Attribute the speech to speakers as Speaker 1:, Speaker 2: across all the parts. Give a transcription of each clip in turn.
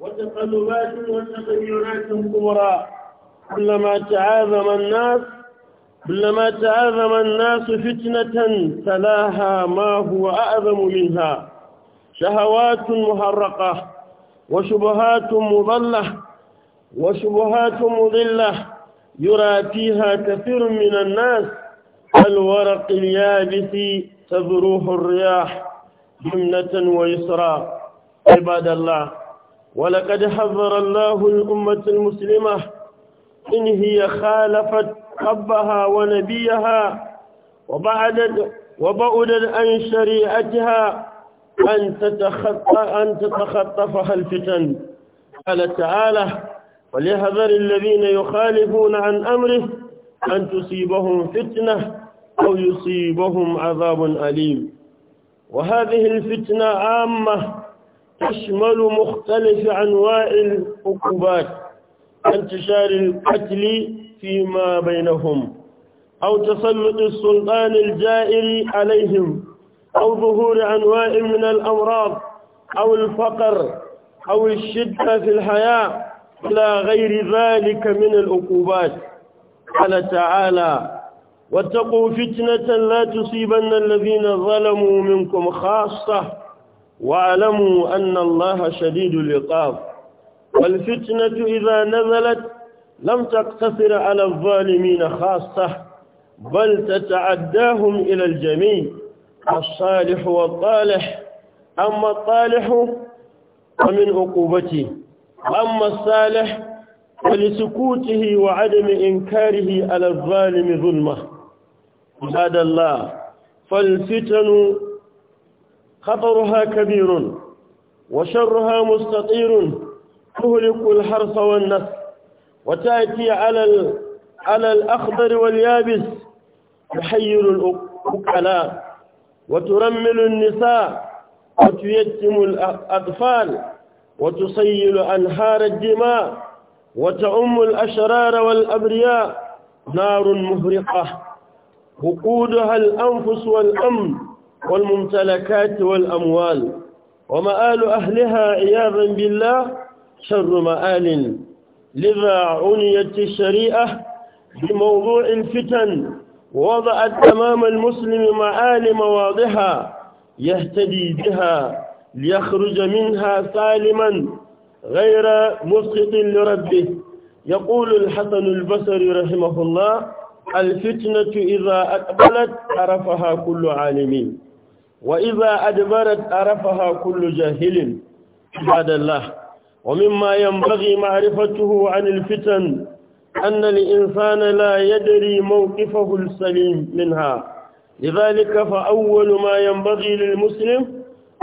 Speaker 1: وتقلبات وتغيرات كبرى كلما تعاظم الناس كلما تعاظم الناس فتنة تلاها ما هو أعظم منها شهوات محرقة وشبهات مضلة وشبهات مضلة يرى فيها كثير من الناس الورق اليابس تذروه الرياح يمنة ويسرى عباد الله ولقد حذر الله الأمة المسلمة إن هي خالفت ربها ونبيها وبعدت وبعدت عن شريعتها أن تتخطى أن تتخطفها الفتن قال تعالى وليحذر الذين يخالفون عن أمره أن تصيبهم فتنة أو يصيبهم عذاب أليم وهذه الفتنة عامة تشمل مختلف أنواع العقوبات انتشار القتل فيما بينهم أو تسلط السلطان الجائر عليهم أو ظهور أنواع من الأمراض أو الفقر أو الشدة في الحياة إلى غير ذلك من العقوبات قال تعالى واتقوا فتنة لا تصيبن الذين ظلموا منكم خاصة واعلموا أن الله شديد العقاب والفتنة إذا نزلت لم تقتصر على الظالمين خاصة بل تتعداهم إلى الجميع الصالح والطالح أما الطالح فمن عقوبته أما الصالح فلسكوته وعدم إنكاره على الظالم ظلمه عباد الله فالفتن خطرها كبير وشرها مستطير تهلك الحرث والنسل وتأتي على على الأخضر واليابس تحير الأكلاء وترمل النساء وتيتم الأطفال وتصيل أنهار الدماء وتعم الأشرار والأبرياء نار مهرقة وقودها الأنفس والأمن والممتلكات والأموال ومآل أهلها عياذا بالله شر مآل لذا عنيت الشريعة بموضوع الفتن وضعت أمام المسلم معالم واضحة يهتدي بها ليخرج منها سالما غير مسقط لربه يقول الحسن البصري رحمه الله الفتنة إذا أقبلت عرفها كل عالمين وإذا أدبرت عرفها كل جاهل عباد الله ومما ينبغي معرفته عن الفتن أن الإنسان لا يدري موقفه السليم منها لذلك فأول ما ينبغي للمسلم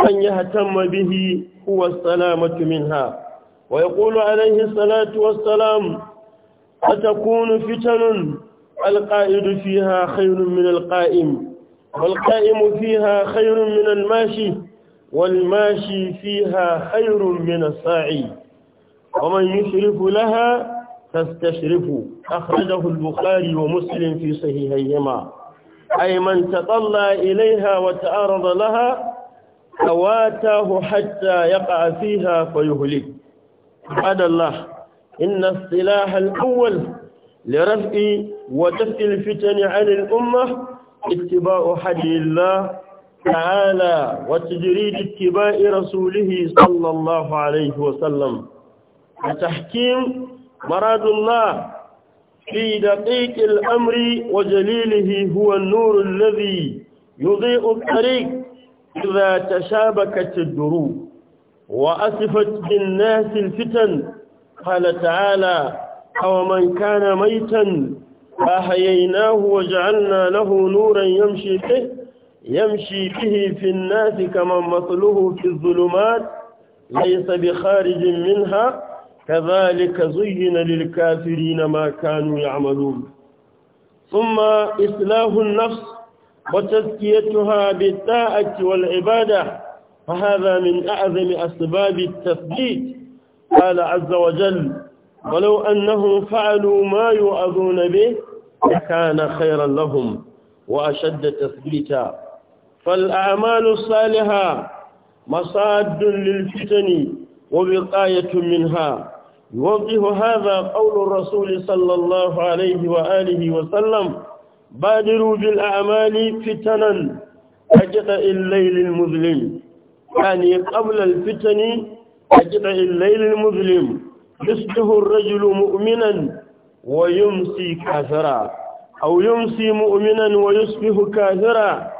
Speaker 1: أن يهتم به هو السلامة منها ويقول عليه الصلاة والسلام أتكون فتن القائد فيها خير من القائم والقائم فيها خير من الماشي والماشي فيها خير من الساعي ومن يشرف لها فاستشرفوا أخرجه البخاري ومسلم في صحيحيهما أي من تطلع إليها وتعرض لها أواتاه حتى يقع فيها فيهلك عباد الله إن الصلاح الأول لرفع ودفع الفتن عن الأمة اتباع حدي الله تعالى وتجريد اتباع رسوله صلى الله عليه وسلم وتحكيم مراد الله في دقيق الأمر وجليله هو النور الذي يضيء الطريق إذا تشابكت الدروب وأسفت بالناس الفتن قال تعالى أو من كان ميتا فأحييناه وجعلنا له نورا يمشي به يمشي به في الناس كمن مثله في الظلمات ليس بخارج منها كذلك زين للكافرين ما كانوا يعملون ثم إصلاح النفس وتزكيتها بالطاعة والعبادة فهذا من أعظم أسباب التثبيت قال عز وجل ولو أنهم فعلوا ما يؤذون به لكان خيرا لهم وأشد تثبيتا فالأعمال الصالحة مصاد للفتن ووقاية منها يوضح هذا قول الرسول صلى الله عليه وآله وسلم بادروا بالأعمال فتنا أجدأ الليل المظلم يعني قبل الفتن أجدأ الليل المظلم يصبح الرجل مؤمنا ويمسي كافرا أو يمسي مؤمنا ويصبح كافرا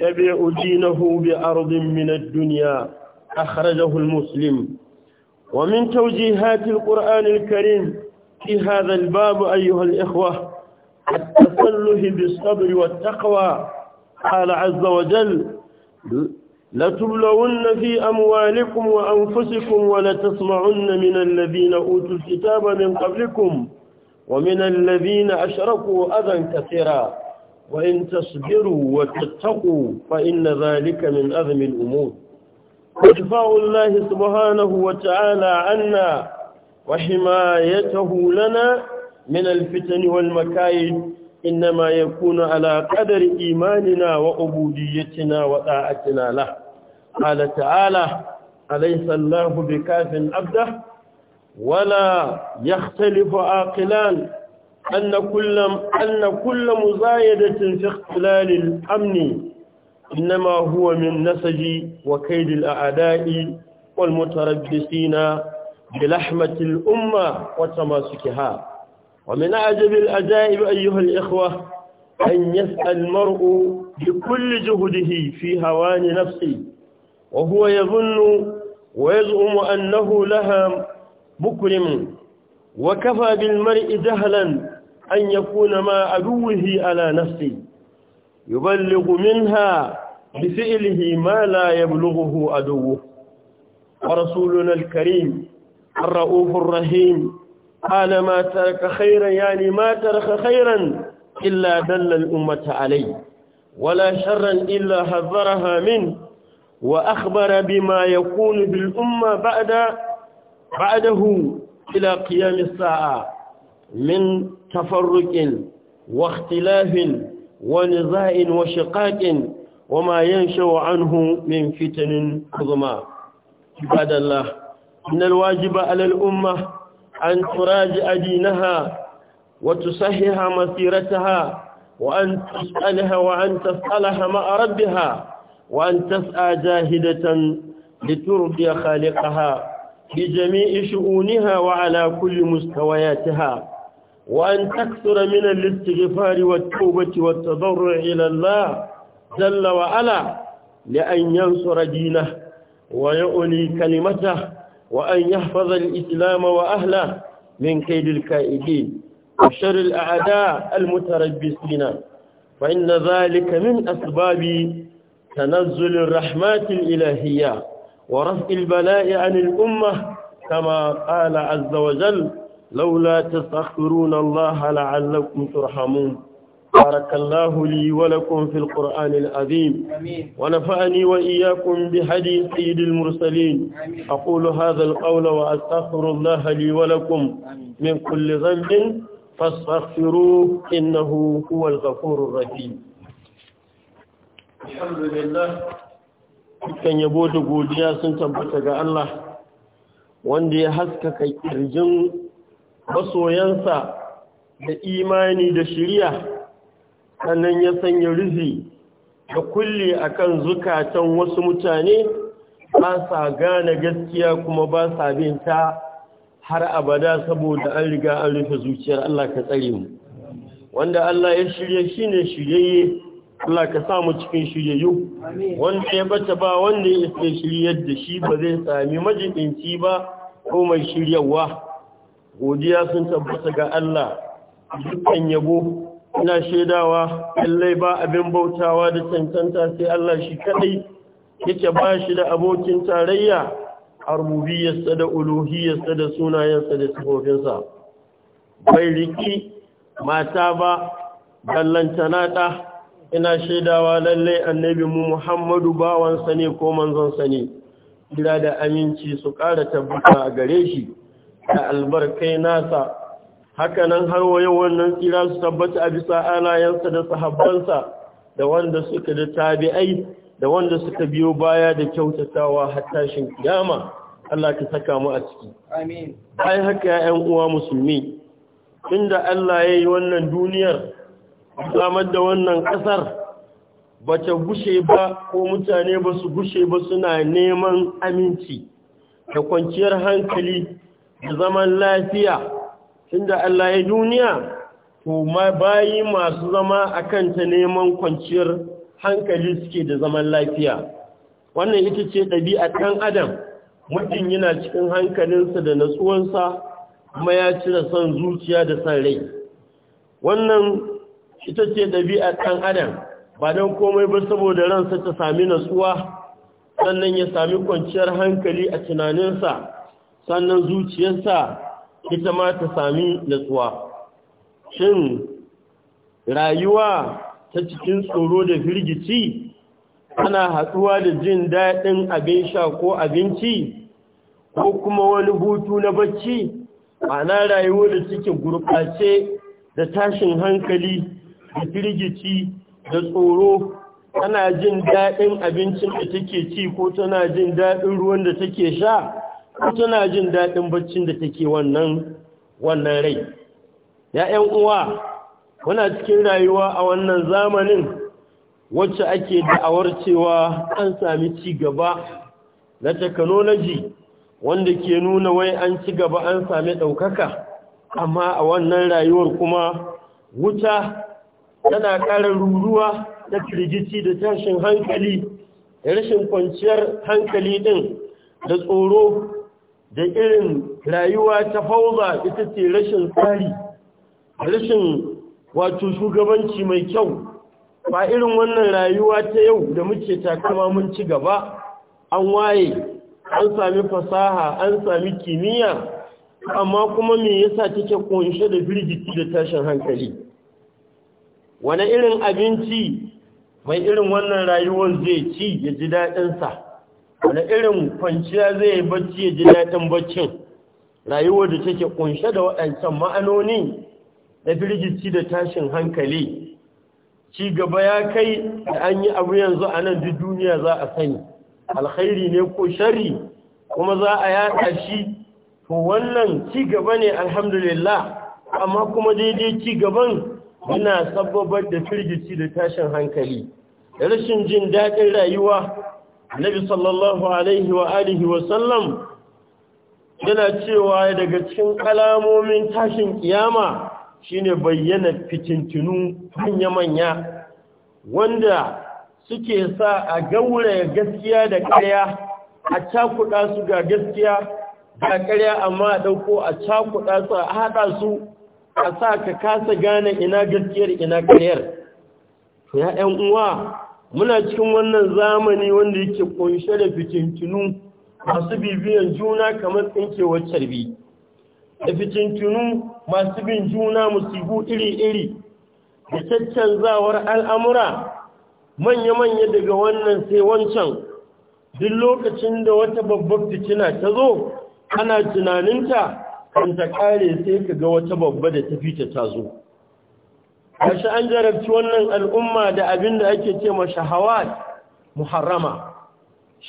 Speaker 1: يبيع دينه بأرض من الدنيا أخرجه المسلم ومن توجيهات القرآن الكريم في هذا الباب أيها الإخوة التسلح بالصبر والتقوى قال عز وجل لتبلون في أموالكم وأنفسكم ولتسمعن من الذين أوتوا الكتاب من قبلكم ومن الذين أشركوا أذى كثيرا وإن تصبروا وتتقوا فإن ذلك من أذم الأمور وشفاء الله سبحانه وتعالى عنا وحمايته لنا من الفتن والمكايد إنما يكون على قدر إيماننا وعبوديتنا وطاعتنا له قال تعالى أليس الله بكاف عبده ولا يختلف عاقلان أن كل أن كل مزايدة في اختلال الأمن إنما هو من نسج وكيد الأعداء والمتربصين بلحمة الأمة وتماسكها ومن أعجب العجائب أيها الإخوة أن يسعى المرء بكل جهده في هوان نفسه وهو يظن ويزعم أنه لها مكرم وكفى بالمرء جهلا أن يكون مع عدوه على نفسه يبلغ منها بفعله ما لا يبلغه عدوه ورسولنا الكريم الرؤوف الرحيم قال ما ترك خيرا يعني ما ترك خيرا إلا دل الأمة عليه ولا شرا إلا حذرها منه وأخبر بما يكون بالأمة بعد بعده إلى قيام الساعة من تفرق واختلاف ونزاع وشقاق وما ينشأ عنه من فتن عظمى عباد الله إن الواجب على الأمة أن تراجع دينها وتصحح مسيرتها وأن تسألها وأن تسألها مع ربها وأن تسعى جاهدة لترضي خالقها في جميع شؤونها وعلى كل مستوياتها وأن تكثر من الاستغفار والتوبة والتضرع إلى الله جل وعلا لأن ينصر دينه ويؤلي كلمته وأن يحفظ الإسلام وأهله من كيد الكائدين وشر الأعداء المتربصين فإن ذلك من أسباب تنزل الرحمات الإلهية ورفع البلاء عن الأمة كما قال عز وجل لولا تستغفرون الله لعلكم ترحمون بارك الله لي ولكم في القرآن العظيم ونفعني وإياكم بهدي سيد المرسلين أقول هذا القول وأستغفر الله لي ولكم من كل ذنب فاستغفروه إنه هو الغفور الرحيم الحمد لله kan yabo da godiya sun tabbata ga Allah wanda ya haskaka kirjin masoyansa da imani da shiriya sannan ya sanya rufi da kulle a kan zukatan wasu mutane ba sa gane gaskiya kuma ba sa bin ta har abada saboda an riga an rufe zuciyar Allah ka tsare mu wanda Allah ya shirye ne shiryayye Allah ka samu cikin shiryayyu wanda ya bata ba wanda ya isa shiryar da shi ba zai sami majibinci ba ko mai shiryawa godiya sun tabbata ga Allah dukkan yabo ina shaidawa lallai ba abin bautawa da cancanta sai Allah shi kadai yake ba shi da abokin tarayya a rububiyarsa da uluhiyarsa da sunayensa da sifofinsa bai riki mata ba ballantana ɗa ina shaidawa lallai annabi mu muhammadu bawansa ne ko manzonsa ne jira da aminci su ƙara tabbata a gare shi da albarkai nasa Hakanan, nan har wayo wannan tsira su tabbata a bisa alayensa da sahabbansa da wanda suka da tabi'ai da wanda suka biyo baya da kyautatawa har tashin kiyama Allah ka saka mu a ciki amin ai haka ƴan uwa musulmi inda Allah ya yi wannan duniyar samar da wannan kasar ta gushe ba ko mutane ba su gushe ba suna neman aminci da kwanciyar hankali da zaman lafiya tunda Allah ya duniya to ma bayi masu zama akan ta neman kwanciyar hankali suke da zaman lafiya wannan ita ce ɗabi'ar ɗan adam mutum yana cikin hankalinsa da natsuwansa kuma ya cire son zuciya da san rai wannan ita ce ɗabi'ar ɗan adam ba don komai ba saboda ransa ta sami natsuwa sannan ya sami kwanciyar hankali a tunaninsa sannan zuciyarsa ita ma ta sami natsuwa shin rayuwa ta cikin tsoro da firgici ana haɗuwa da jin daɗin abin sha ko abinci ko kuma wani hutu na bacci ana rayuwa da cikin gurɓace da tashin hankali da firgici da tsoro ana jin daɗin abincin da take ci ko tana jin daɗin ruwan da take sha ko tana jin daɗin baccin da take wannan wannan rai ya uwa muna cikin rayuwa a wannan zamanin wacce ake da'awar cewa an sami ci gaba na technology wanda ke nuna wai an ci gaba an sami ɗaukaka amma a wannan rayuwar kuma wuta tana ƙara ruruwa da firgici da tashin hankali da rashin kwanciyar hankali ɗin da tsoro da irin rayuwa ta fauza ita ce rashin tsari rashin wato shugabanci mai kyau ba irin wannan rayuwa ta yau da muke takama mun ci gaba an waye an sami fasaha an sami kimiyya amma kuma me yasa take kunshe da birgiti da tashin hankali wani irin abinci mai irin wannan rayuwar zai ci ya ji daɗinsa wani irin kwanciya zai yi bacci ya ji daɗin baccin rayuwar da take kunshe da waɗancan ma'anoni na firgici da tashin hankali ci gaba ya kai da an yi abu yanzu a nan duk duniya za a sani alkhairi ne ko shari kuma za a yaɗa shi to wannan ci gaba ne alhamdulillah amma kuma daidai ci gaban yana sababar da firgici da tashin hankali rashin jin daɗin rayuwa annabi sallallahu alaihi wa alihi wa sallam yana cewa daga cikin kalamomin tashin kiyama shine bayyana fitintunu manya-manya wanda suke sa a gauraya gaskiya da ƙarya a cakuɗa su ga gaskiya ga ƙarya amma a ɗauko a cakuɗa su a haɗa su a sa ka kasa gane ina gaskiyar ina ƙaryar to ya ‘yan uwa muna cikin wannan zamani wanda yake kunshe da fitintunu masu bibiyan juna kamar tsinkewar carbi da fitintunu masu bin juna musibu iri-iri da caccanzawar al'amura manya-manya daga wannan sai wancan duk lokacin da wata babbar fitina ta zo ana tunaninta kan ta kare sai ka ga wata babba da fita ta zo Yashi an jarabci wannan al'umma da abin da ake ce ma shahawat muharrama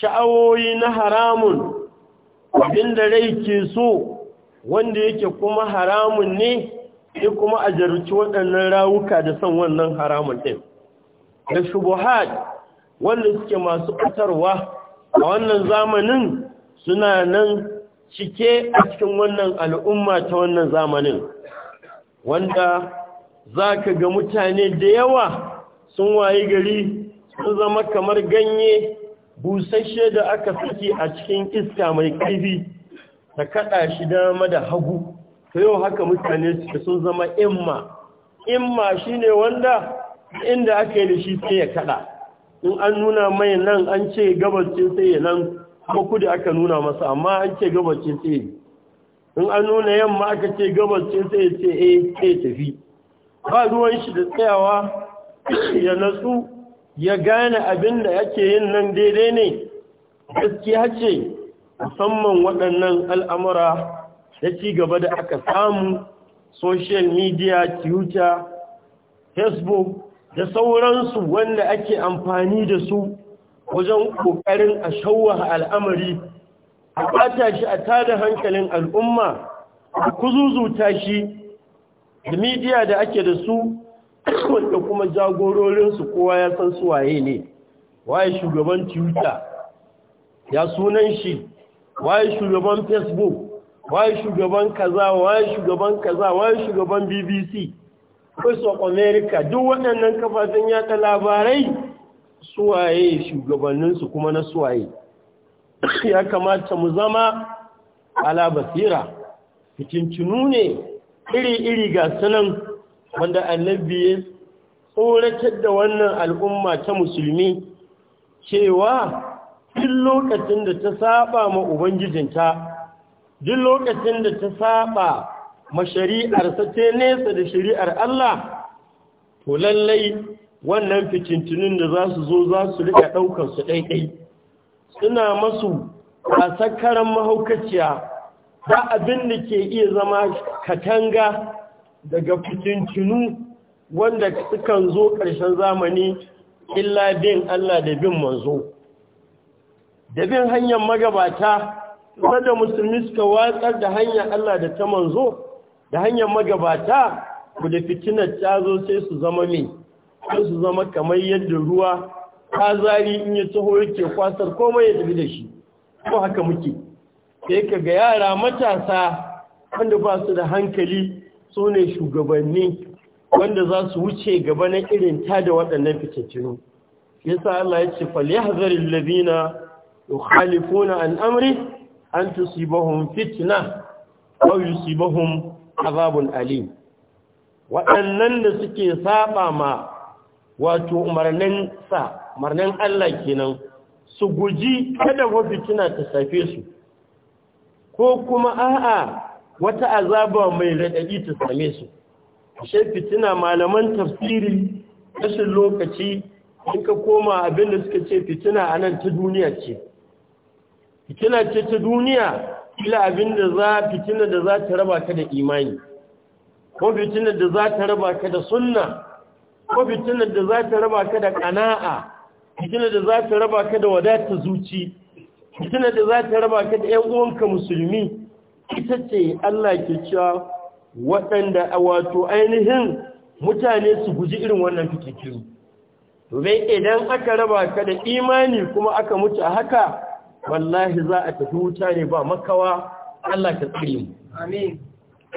Speaker 1: sha'awoyi na haramun abin da rai ke so wanda yake kuma haramun ne ya kuma a jarabci waɗannan rawuka da son wannan haramun ɗin da shubuhat wanda suke masu ɓatarwa a wannan zamanin suna nan cike a cikin wannan al'umma ta wannan zamanin wanda za ka ga mutane da yawa sun wayi gari sun zama kamar ganye busasshe da aka saki a cikin iska mai ƙarfi ta kaɗa shi dama da hagu ta yau haka mutane suke sun zama imma imma shi ne wanda inda aka yi da shi sai ya kaɗa in an nuna mai nan an ce gabace sai ya nan kuma kudi aka nuna masa amma an ce gabace sai in an nuna yamma aka ce gabace sai ya ce eh sai tafi ba ruwan shi da tsayawa ya natsu ya gane abin da yake yin nan daidai ne gaskiya ce musamman waɗannan al'amura da ci gaba da aka samu social media twitter facebook da sauransu wanda ake amfani da su wajen ƙoƙarin a shawar al'amari a ɓata shi a tada hankalin al'umma a kuzuzuta shi da midiya da ake da su wanda kuma jagororinsu kowa ya san su waye ne waye shugaban twitter ya sunan shi waye shugaban facebook waye shugaban kaza waye shugaban kaza waye shugaban bbc voice of america duk waɗannan kafafen yada labarai suwaye shugabanninsu kuma na suwaye ya kamata mu zama ala basira fitintunu ne
Speaker 2: iri-iri ga
Speaker 1: sunan wanda annabi ya tsoratar da wannan al'umma ta musulmi cewa duk lokacin da ta saba ma ubangijinta duk lokacin da ta saba ma shari'ar ta nesa da shari'ar Allah to lallai wannan fitintunin da za su zo za su riƙa ɗaukarsu su ɗaiɗai suna masu a sakkaran mahaukaciya ba abin da ke iya zama katanga daga fitintunu wanda sukan zo ƙarshen zamani illa bin Allah da bin manzo da bin hanyar magabata da musulmi suka watsar da hanyar Allah da ta manzo da hanyar magabata ku da fitinar ta zo sai su zama mai sai su zama kamar yadda ruwa ta zari in yi taho yake kwasar komai ya tafi da shi ko haka muke sai ka ga yara matasa wanda ba su da hankali su ne shugabanni wanda za su wuce gaba na irin ta da waɗannan fitattunu ya sa Allah ya ce ya falyahzaril ladina al’amri an amri an tusibahum fitna yi bahun azabun alim waɗannan da suke saba ma wato umarnin sa umarnin Allah kenan su guji kada wa fitina ta safe su ko kuma a'a wata azaba mai raɗaɗi ta same su ashe fitina malaman tafsiri rashin lokaci in ka koma abin da suka ce fitina a nan ta duniya ce fitina ce ta duniya ila abin da za fitina da za ta raba ka da imani ko fitina da za ta raba ka da sunna ko fitina da za ta raba ka da ƙana'a fitina da za ta raba ka da wadata zuci fitinar da za ta raba ka da 'yan uwanka musulmi ita ce Allah ke cewa waɗanda a wato ainihin mutane su guji irin wannan fitikiru domin idan aka raba ka da imani kuma aka mutu a haka wallahi za a tafi wuta ne ba makawa Allah ka tsare mu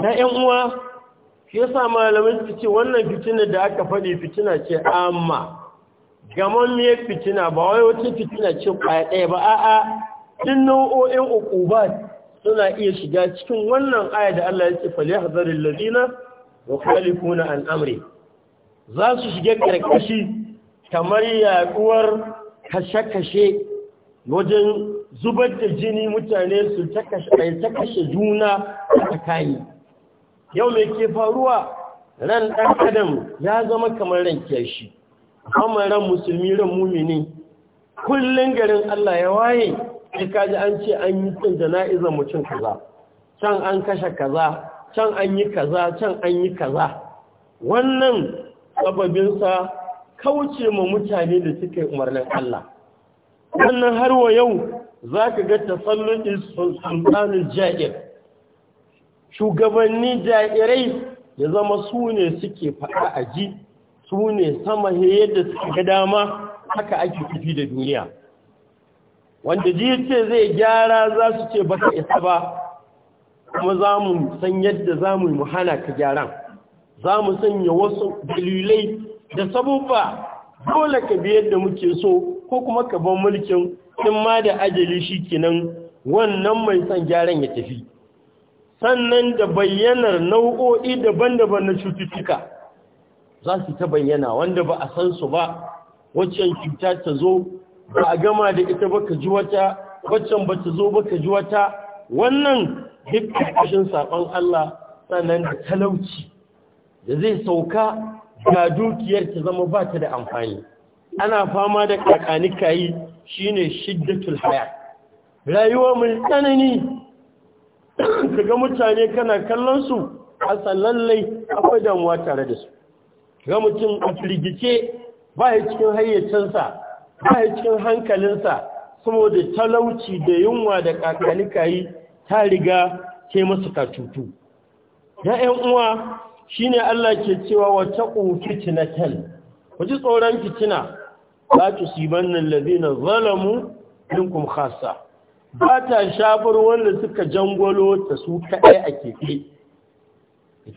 Speaker 1: na 'yan uwa shi yasa su ce wannan fitina da aka faɗi fitina ce amma gamammiyar fitina ba wai wata fitina ce kwaya ɗaya ba a'a ɗin nau'o'in uqubat suna iya shiga cikin wannan aya da Allah ya ce fali hazarin lalina wa khalifuna an amri za su shiga ƙarƙashi kamar yaɗuwar kashe-kashe wajen zubar da jini mutane su ta kashe juna a tsakani yau mai ke faruwa ran ɗan adam ya zama kamar ran kyashi amma ran musulmi ran mumini kullun garin Allah ya waye sai kaji an ce an yi tun jana'izar mutum kaza can an kashe kaza can an yi kaza can an yi kaza wannan sababinsa kauce ma mutane da suke umarnin Allah wannan har wa yau za ka ga tasallin sultanin ja'ir shugabanni ja'irai ya zama su ne suke faɗa a ji su ne sama yadda suka ga dama haka ake tafi da duniya wanda ji ce zai gyara za su ce baka isa ba kuma za mu san yadda za mu mu hana ka gyaran za mu sanya wasu dalilai da sabubba dole ka bi yadda muke so ko kuma ka ban mulkin in ma da ajali shi kenan wannan mai son gyaran ya tafi sannan da bayyanar nau'o'i daban-daban na cututtuka za su ta bayyana wanda ba a san su ba waccan cuta ta zo ba a gama da ita ba ka ji wata waccan ba ta zo ba ka ji wata wannan duk kashin saƙon Allah sannan da talauci da zai sauka ga dukiyar ta zama ba ta da amfani ana fama da kakanikayi shine shiddatul haya rayuwa mai tsanani kaga mutane kana kallon su a lallai akwai damuwa tare da su ga mutum a firgice ba ya cikin hayyacinsa ba ya cikin hankalinsa saboda talauci da yunwa da kakanikayi ta riga ke masu katutu na 'yan uwa shi ne Allah ke cewa wata Ku ji tsoron fitina ba ta siban nan lalina zalamu minkum khassa ba ta shafar wanda suka jangolo ta su kaɗai a keke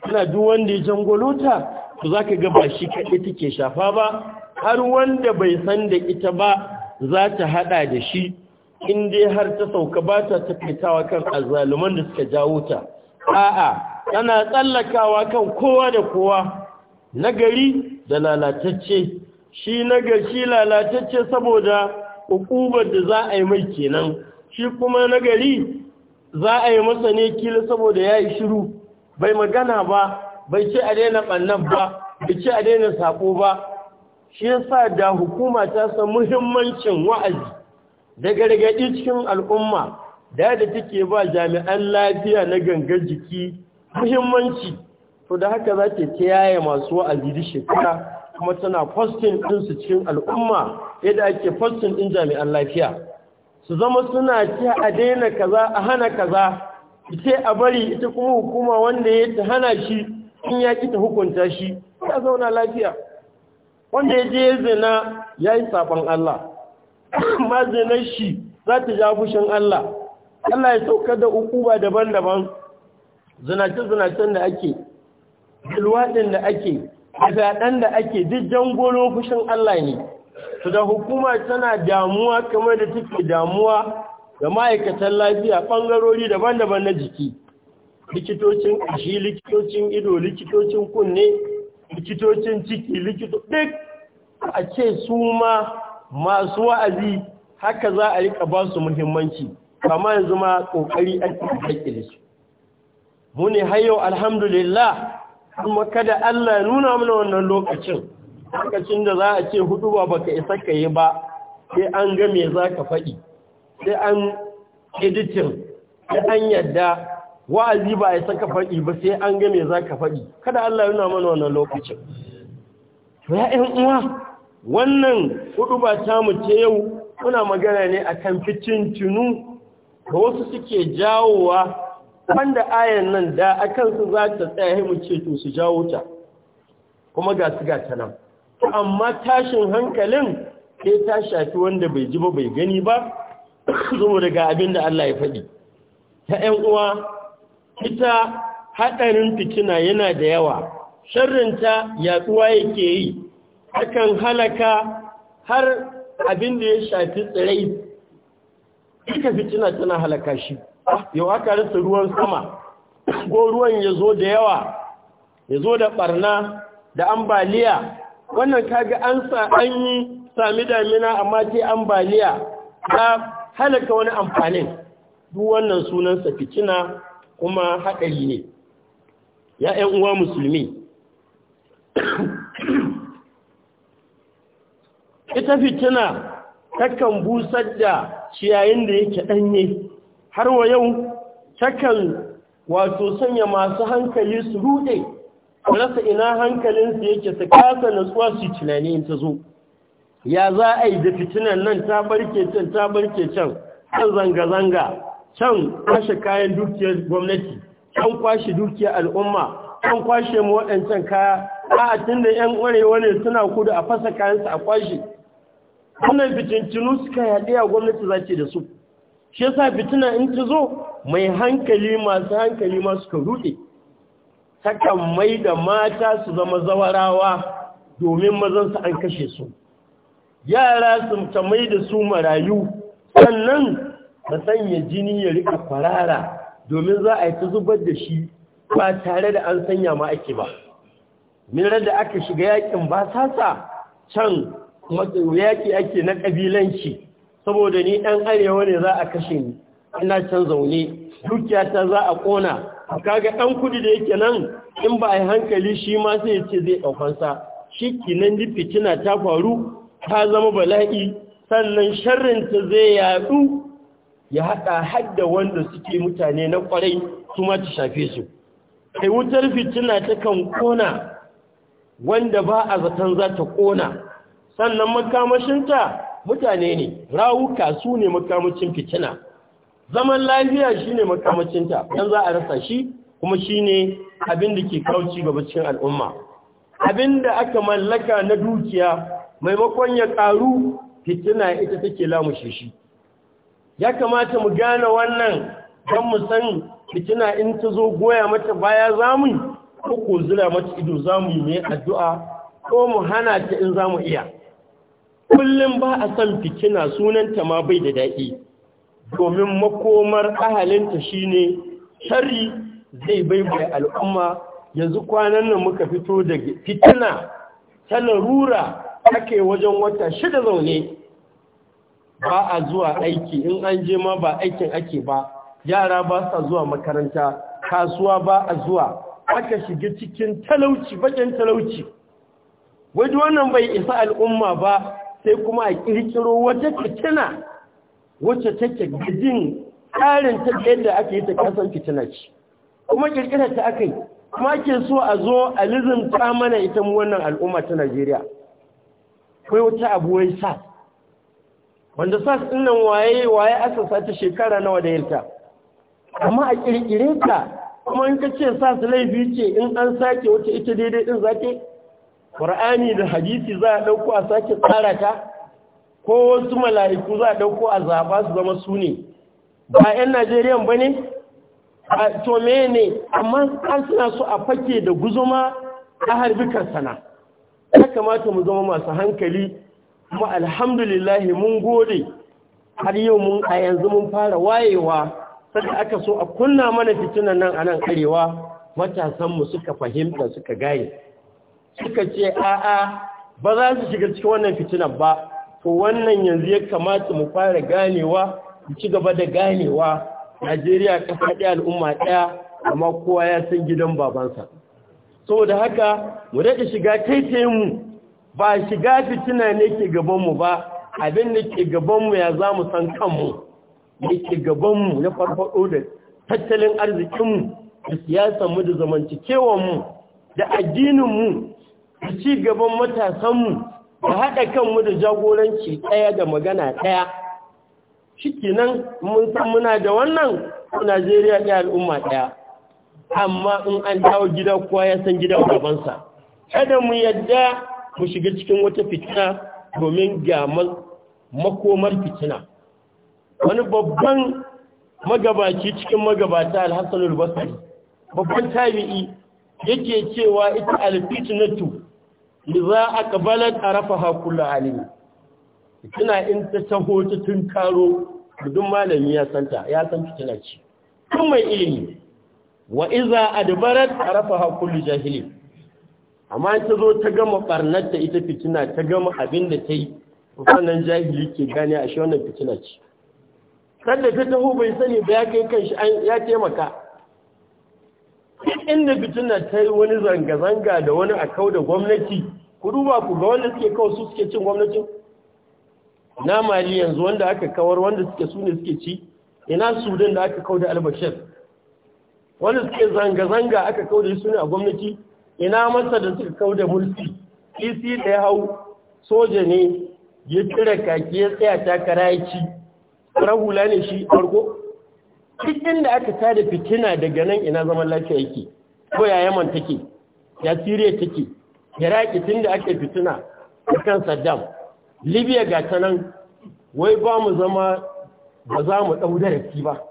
Speaker 1: tana duk wanda ya jangolo ta to za ka gaba shi kaɗe take shafa ba har wanda bai san da ita ba za ta haɗa da shi in dai har ta sauka ba ta takaitawa kan azaluman da suka jawo ta a'a tana tsallakawa kan kowa da kowa nagari da lalatacce shi nagari lalatacce saboda hukubar da za a yi mai kenan shi kuma nagari za a yi masa ne kila saboda ya yi shiru bai magana ba bai ce a daina ɓannan ba bai ce a daina saƙo ba shi yasa da hukuma ta san muhimmancin wa'azi da gargaɗi cikin al'umma da da take ba jami'an lafiya na gangar jiki muhimmanci to da haka za ta ta yaya masu wa'azi da shekara kuma tana fostin ɗinsu cikin al'umma yadda ake fostin ɗin jami'an lafiya su zama suna ce a daina kaza a hana kaza ita a bari ita kuma hukuma wanda ya hana shi in ya ƙi ta hukunta shi ya zauna lafiya wanda ya je zina ya yi safon Allah ma zinar shi za ta ja fushin Allah Allah ya sauka da ukuba daban-daban zinace-zinacen da ake ilwaɗin da ake zaɗen da ake duk jangolo fushin Allah ne su da hukuma tana damuwa kamar da take damuwa da ma'aikatan lafiya ɓangarori daban-daban na jiki likitocin ƙashi likitocin ido likitocin kunne likitocin ciki likito duk a ce su ma masu wa'azi haka za a rika ba su muhimmanci kama yanzu ma ƙoƙari ake haƙƙile su mu ne hayo alhamdulillah kuma kada Allah nuna mana wannan lokacin lokacin da za a ce hudu ba baka isa ka yi ba sai an ga me za ka faɗi sai an editin sai an yadda wa'azi ba a yi saka faɗi ba sai an ga za ka faɗi kada Allah yana mana wannan lokacin ya ƴan uwa wannan hudu ba ta mu ce yau muna magana ne akan ficin tunu da wasu suke jawowa wanda ayan nan da akan su za ta tsaya mu ce to su jawo ta kuma ga su ga ta nan amma tashin hankalin sai ta shafi wanda bai ji ba bai gani ba zuwa daga abin da Allah ya faɗi ta ƴan uwa ita haɗarin fitina yana da yawa sharrinta yaɗuwa yake yi akan halaka har abin da ya shafi tsirai ita fitina tana halaka shi yau aka rasa ruwan sama ko ruwan ya zo da yawa ya zo da ɓarna da ambaliya wannan kaga an sa an yi sami damina amma ta ambaliya ta halaka wani amfanin duk wannan sunansa fitina kuma haɗari ne ya ‘yan uwa musulmi ita fitina takan busar da ciyayin da yake ɗanye har wa yau takan wato sanya masu hankali su ruɗe rasa ina hankalinsu yake su kasa natsuwa su tunani ta zo ya za a yi da fitinan nan ta barke can ta barke can kan zanga-zanga can kwashe kayan dukiyar gwamnati can kwashe dukiyar al'umma can kwashe mu waɗancan kaya a tun da 'yan ƙwarewa ne suna kudu a fasa kayansa a kwashe wannan fitintinu suka yaɗe a gwamnati za ce da su shi sa fitina in ta zo mai hankali masu hankali ma suka ruɗe takan mai da mata su zama zawarawa domin mazansa an kashe su yara su ta mai da su marayu sannan ka sanya jini ya rika kwarara domin za a yi ta zubar da shi ba tare da an sanya ma ake ba mirar da aka shiga yakin ba sa can yaki ake na ƙabilanci saboda ni ɗan arewa ne za a kashe ni ina can zaune dukiyata za a ƙona kaga ɗan kudi da yake nan in ba a yi hankali shi ma sai ce zai ɗaukansa shi nan fitina ta faru ta zama bala'i sannan sharrinta zai yaɗu ya haɗa hadda wanda suke mutane na ƙwarai kuma ta shafe su kai wutar fitina ta kan ƙona wanda ba a zaton za ta ƙona sannan makamashinta mutane ne rawuka su ne makamacin fitina zaman lafiya shi ne makamacinta don za a rasa shi kuma shi ne abin da ke kauci gaba cikin al'umma abin da aka mallaka na dukiya maimakon ya ƙaru fitina ita take lamushe shi ya kamata mu gane wannan don mu san fitina in ta zo goya mata baya zamu ko ko zura mata ido zamu yi mai addu'a ko mu hana ta in zamu iya kullum ba a san fitina sunanta ma bai da daɗi domin makomar ahalinta shi ne, sharri zai bai baibaye al'umma yanzu kwanan nan muka fito daga fitina ta larura ake wajen wata shida zaune ba a zuwa aiki in an je ma ba aikin ake ba yara ba sa zuwa makaranta kasuwa ba a zuwa aka shiga cikin talauci bakin talauci wajen wannan bai isa al'umma ba sai kuma a kirkiro wata fitina wacce take gajin tsarin ta yadda aka yi ta kasan fitina ce kuma kirkirar ta aka yi kuma ke so a zo a lizimta mana ita mu wannan al'umma ta najeriya kai wata abuwai sa wanda sas ɗinnan waye waye asasa ta shekara nawa da yanta amma a ƙirƙire ta kuma in ka ce sas laifi ce in an sake wata ita daidai ɗin zake ƙur'ani da hadisi za a ɗauko a sake tsara ta ko wasu mala'iku za a ɗauko a zaɓa su zama su ne ba 'yan Najeriya ba ne a tome ne amma an suna so a fake da guzuma a harbi karsana ya kamata mu zama masu hankali kuma alhamdulillah mun gode har yau mun a yanzu mun fara wayewa sai aka so a kunna mana fitinan nan anan arewa mu suka fahimta suka gane, suka ce a'a ba za su shiga cikin wannan fitinan ba to wannan yanzu ya kamata mu fara ganewa mu ci gaba da ganewa Najeriya kasa ɗaya al'umma ɗaya amma kowa ya san gidan babansa saboda haka mu daɗe shiga kai mu ba shiga fitina ne ke gabanmu ba abin da ke gabanmu ya za mu san kanmu ne ke gabanmu na farfaɗo da tattalin arzikinmu da siyasanmu da zamantakewanmu da addininmu da ci gaban matasanmu da haɗa kanmu da jagoranci ɗaya da magana ɗaya shi kenan mun san muna da wannan najeriya ɗaya al'umma ɗaya amma in an dawo gida kuwa ya san gidan gabansa kada mu yadda Ku shiga cikin wata fitina domin gyaman makomar fitina wani babban magabaci cikin magabata alhassan basri babban tabi'i yake cewa ita alfitinatu za a kabalar a rafa hakula alimi fitina in ta taho ta tun karo duk malami ya santa ya san fitina ce kuma mai ilimi wa iza adbarat a rafa hakulu jahili amma ta zo ta gama barnar da ita fitina ta gama abin da ta yi wannan jahili ke gane a shi wannan fitina ce kada ta taho bai sani ba ya kai kanshi ya taimaka inda fitina ta yi wani zanga-zanga da wani a kau da gwamnati ku duba ku ga wanda suke kawo su suke cin gwamnatin na mali yanzu wanda aka kawar wanda suke su ne suke ci ina sudan da aka kawo da albashir wanda suke zanga-zanga aka kawo da su ne a gwamnati ina masa da suka kau da mulki Kisi da ya hau soja ne ya cire kaki ya tsaya takara ya ci rahula ne shi farko cikin da aka tada fitina daga nan ina zaman lafiya yake ko ya yaman take ya siriya take iraki tun da aka fitina a kan saddam libya ga ta nan wai ba mu zama ba za mu ɗau darasi ba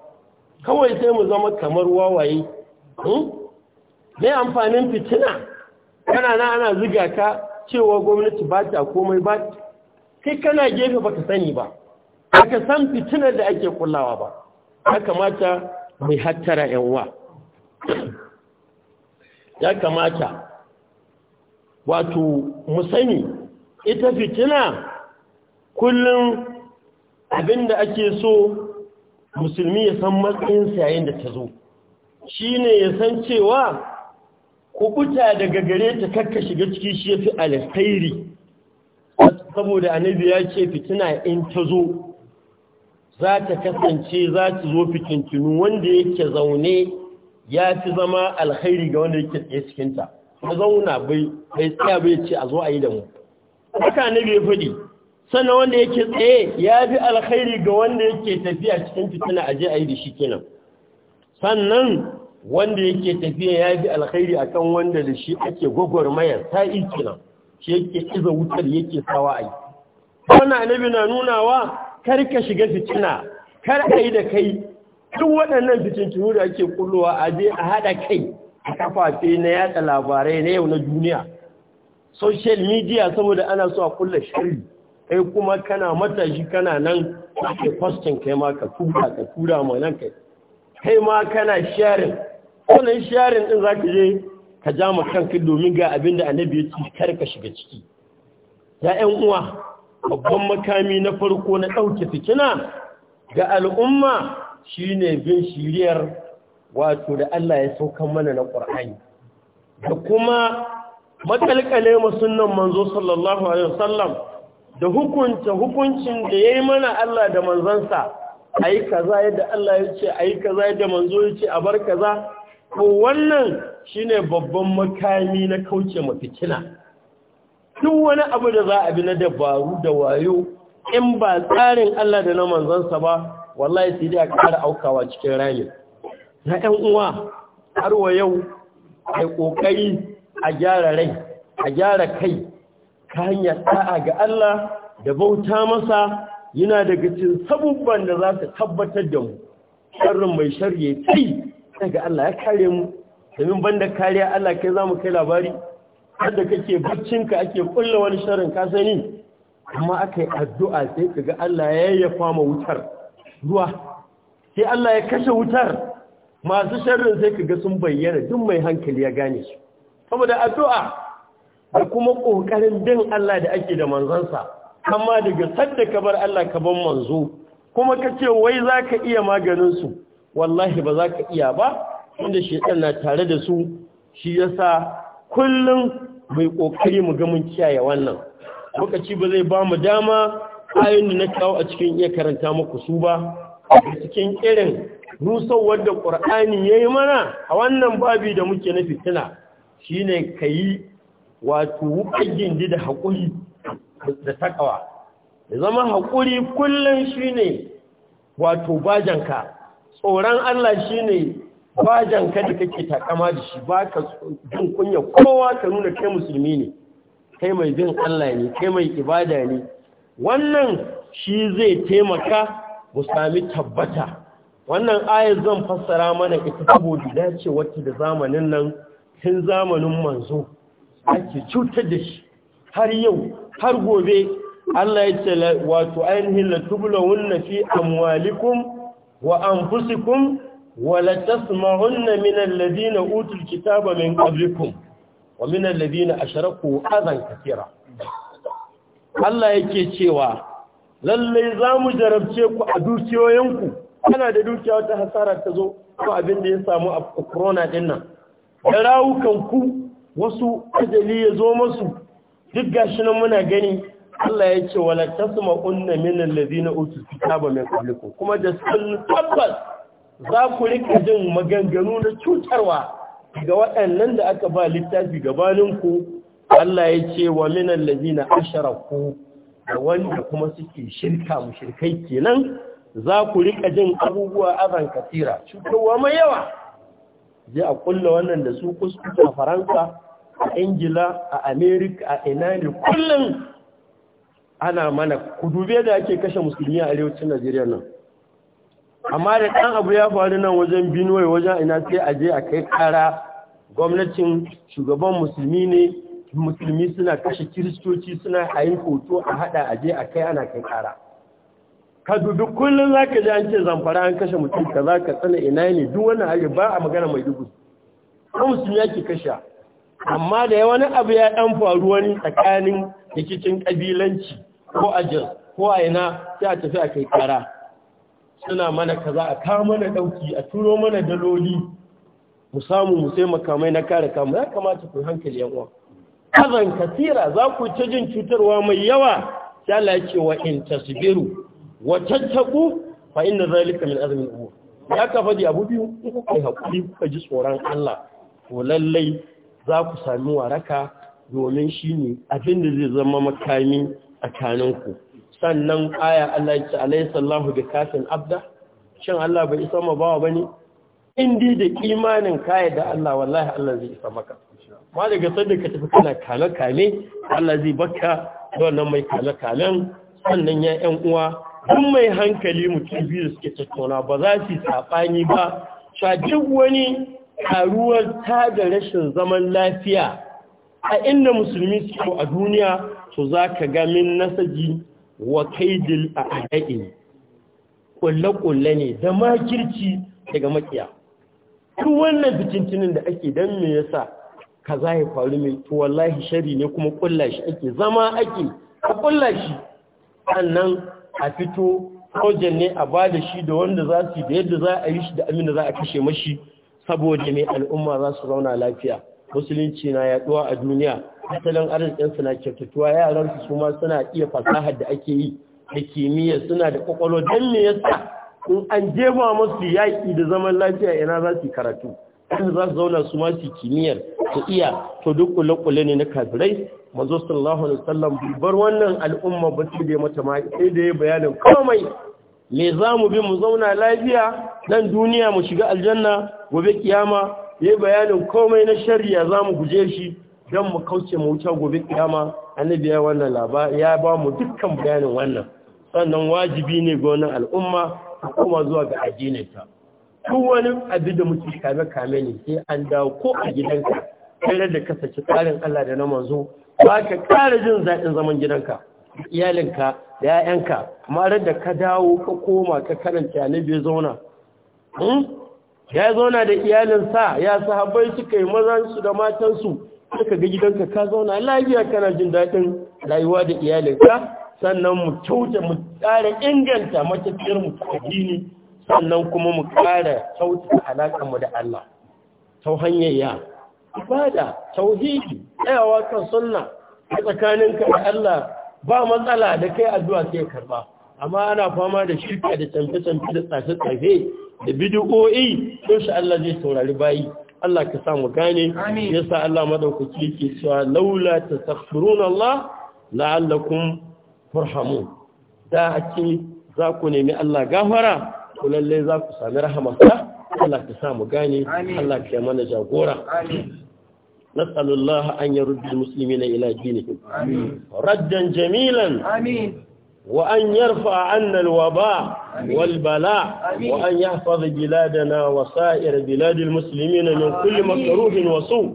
Speaker 1: kawai sai mu zama kamar wawaye hmm? me amfanin fitina kana na ana ziga ka cewa gwamnati ba ta komai ba kai kana gefe ba ka sani ba aka san fitinar da ake kullawa ba ya kamata mai hattara yan uwa ya kamata wato musani ita fitina kullum abinda ake so musulmi ya san matsayinsa yayin da ta zo shi ne ya san cewa kukuta daga gare ta kakka shiga ciki shi ya fi alkhairi saboda annabi ya ce fitina in ta zo za ta kasance za ta zo fitintinu wanda yake zaune ya fi zama alkhairi ga wanda yake tsaye cikinta ta zauna bai tsaya bai ce a zo a yi da mu haka annabi ya faɗi sannan wanda yake tsaye ya fi alkhairi ga wanda yake tafiya cikin fitina aje a yi da shi kenan sannan wanda yake tafiya ya bi alkhairi akan wanda da shi ake mayar ta nan shi yake iza wutar yake sawa a yi wani annabi na nunawa kar ka shiga fitina kar a yi da kai duk waɗannan fitintunu da ake kullowa a je a haɗa kai a kafafe na yatsa labarai na yau na duniya social media saboda ana so a kulla shari kai kuma kana matashi kana nan ake kwastin kai ma ka tura ka tura ma nan kai kai ma kana sharing wannan ɗin din zaka je ka ja mu kanka domin ga abin da annabi ya ce kar ka shiga ciki ya ɗan uwa babban makami na farko na ɗauke fikina ga al'umma shine bin shiriyar wato da Allah ya saukan mana na ƙur'ani da kuma makalkale masunan manzo sallallahu alaihi wasallam da hukunta hukuncin da ya yi mana Allah da manzansa yi kaza yadda Allah ya ce yi kaza yadda manzo ya ce a bar kaza ko wannan shine babban makami na kauce mafikina duk wani abu da za a bi na dabaru da wayo in ba tsarin Allah da na manzansa ba wallahi sai dai a ƙara aukawa cikin rami na 'yan uwa har wa yau ai ƙoƙari a gyara rai a gyara kai ka hanyar ta'a ga Allah da bauta masa yana daga cikin sabubban da za su tabbatar da mu sharrin mai shari'a sai ga Allah ya kare mu domin banda kariya Allah kai za mu kai labari wanda kake ka ake ƙulla wani sharin ka sani amma aka yi addu'a sai ka Allah ya yayyafa ma wutar ruwa sai Allah ya kashe wutar masu sharrin sai ka ga sun bayyana duk mai hankali ya gane shi saboda addu'a da kuma ƙoƙarin din Allah da ake da manzansa amma daga sadda ka bar Allah ka ban manzo kuma kace wai zaka iya maganin su. wallahi ba za ka iya ba inda shaitan na tare da su shi yasa kullum mai ƙoƙari mu ga mun kiyaye wannan lokaci ba zai ba mu dama ayoyin da na kawo a cikin iya karanta muku su ba a cikin irin rusau wanda ƙur'ani ya yi mana a wannan babi da muke na fitina shi ne ka yi wato wuƙar gindi da haƙuri da takawa Ya zama haƙuri kullum shine wato bajanka tsoron Allah shi ne ba ka da kake takama da shi ba ka jin kunya kowa ka nuna kai musulmi ne kai mai bin Allah ne kai mai ibada ne wannan shi zai taimaka mu sami tabbata wannan ayar zan fassara mana ita saboda dace wata da zamanin nan tun zamanin manzo ake cutar da shi har yau har gobe Allah ya ce wato ainihin latubulawun na fi amwalikum وأنفسكم ولتسمعن من الذين أوتوا الكتاب من قبلكم ومن الذين أشركوا أذى كثيرا الله yake cewa lallai zamu jarabce ku a dukiyoyinku kana da dukiya wata hasara ta zo ko abin da ya samu a corona din nan rawukan ku wasu ajali ya zo musu duk gashi nan muna gani Allah ya ce wala tasma unna min allazina utul kitaba min qablikum kuma da sun tabbas za ku rika jin maganganu na cutarwa ga waɗannan da aka ba littafi gabanin ku Allah ya ce wa min allazina asharaku da wanda kuma suke shirka mu shirkai kenan za ku rika jin abubuwa azan kasira cutarwa mai yawa je a kulla wannan da su kuskuta a Faransa a Ingila a America a ina ne kullum ana mana ku dube da ake kashe musulmi a arewacin Najeriya nan amma da ɗan abu ya faru nan wajen Binuwai wajen ina sai a je a kai kara gwamnatin shugaban musulmi ne musulmi suna kashe kiristoci suna hayin hoto a hada a je a kai ana kai kara ka dubi kullum za ka ji an ce zamfara an kashe mutum ka za ka tsana ina ne duk wannan hari ba a magana mai dubu ɗan musulmi ake kashe amma da ya wani abu ya ɗan faru wani tsakanin rikicin ƙabilanci ko ajin ko a ina sai a tafi a kai kara suna mana kaza a kawo mana ɗauki a turo mana daloli mu samu mu sai makamai na kare kama. ya kamata ku hankali yan uwa kazan kasira za ku ta jin cutarwa mai yawa sai Allah ya ce wa in tasbiru wa tattaku fa inna zalika min azmi al-umur ya ka fadi abu biyu in ku kai hakuri ku ji tsoron Allah to lallai za ku sami waraka domin shine abin da zai zama makami A ku. sannan aya Allah ya ce alayhi bi kafin abda shin Allah bai isa ma bawa bane indi da imanin kaya da Allah wallahi Allah zai isa maka ma daga sanda ka tafi kana kame kame Allah zai baka da wannan mai kame kamen sannan ya uwa duk mai hankali mutum biyu suke tattauna ba za su saɓani ba sha duk wani karuwar ta da rashin zaman lafiya a inda musulmi suke a duniya to za ka ga min nasaji wa kaidil a haɗaƙi ƙulle-ƙulle ne da makirci daga makiya Tun wannan bikintinin da ake dan me yasa ka za ya faru mai to wallahi shari ne kuma ƙulla shi ake zama ake a ƙulla sannan a fito wajen ne a ba da shi da wanda za su da yadda za a yi shi da amina za a kashe mashi saboda mai al'umma za su zauna lafiya musulunci na yaduwa a duniya tattalin su na kyautatuwa yaransu su ma suna iya fasahar da ake yi da kimiyya suna da kwakwalo don me yasa in an jefa musu yaƙi da zaman lafiya ina za su karatu in za su zauna su ma kimiyyar su iya to duk kule-kule ne na kabirai manzo sallallahu alaihi wasallam bar wannan al'umma ba su da mata ma sai da ya bayanin komai me za mu bi mu zauna lafiya nan duniya mu shiga aljanna gobe kiyama yayi bayanin komai na shari'a za mu guje shi don mu kauce mu wuce gobe kiyama annabi ya wannan labari ya ba mu dukkan bayanin wannan sannan wajibi ne ga wannan al'umma ta koma zuwa ga addininta duk wani abin da muke kame kame ne sai an dawo ko a gidanka kai da ka saki tsarin Allah da na manzo ba ka kara jin zaɗin zaman gidanka iyalinka da 'ya'yanka amma da ka dawo ka koma ka karanta annabi ya zauna hmm? ya zauna da iyalinsa ya sahabbai suka yi mazansu da matansu sai ka ga gidanka ka zauna lafiya kana jin daɗin rayuwa da iyalinka sannan mu kyauta mu ƙara inganta matafiyar mu addini sannan kuma mu ƙara kyauta alaƙar mu da Allah sau hanyar ya ibada tauhidi tsayawa kan sunna a tsakaninka da Allah ba matsala da kai addu'a sai karba amma ana fama da shirka da tsamfe-tsamfe da tsafe-tsafe da bidiyo'i insha Allah zai saurari bayi Allah ka samu gane yasa Allah maɗaukaci yake cewa laula tastaghfiruna Allah la'allakum furhamu. da ake za ku nemi Allah gafara ku lallai za ku sami rahamarsa Allah ka samu gane Allah ka mana jagora نسأل الله أن يرد المسلمين إلى دينهم ردا jamilan آمين وأن يرفع عنا الوباء والبلاء وأن يحفظ بلادنا وسائر بلاد المسلمين من كل مكروه وسوء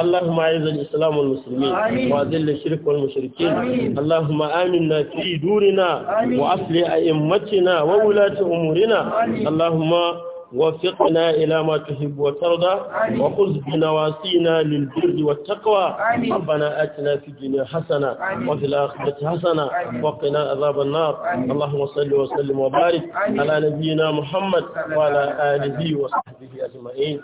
Speaker 1: اللهم أعز الإسلام والمسلمين وأذل الشرك والمشركين اللهم آمنا في دورنا وأصلح أئمتنا وولاة أمورنا اللهم وفقنا إلى ما تحب وترضى وخذ بنواسينا للبر والتقوى ربنا آتنا في الدنيا حسنة وفي الآخرة حسنة وقنا عذاب النار اللهم صل وسلم وبارك على نبينا محمد وعلى آله وصحبه أجمعين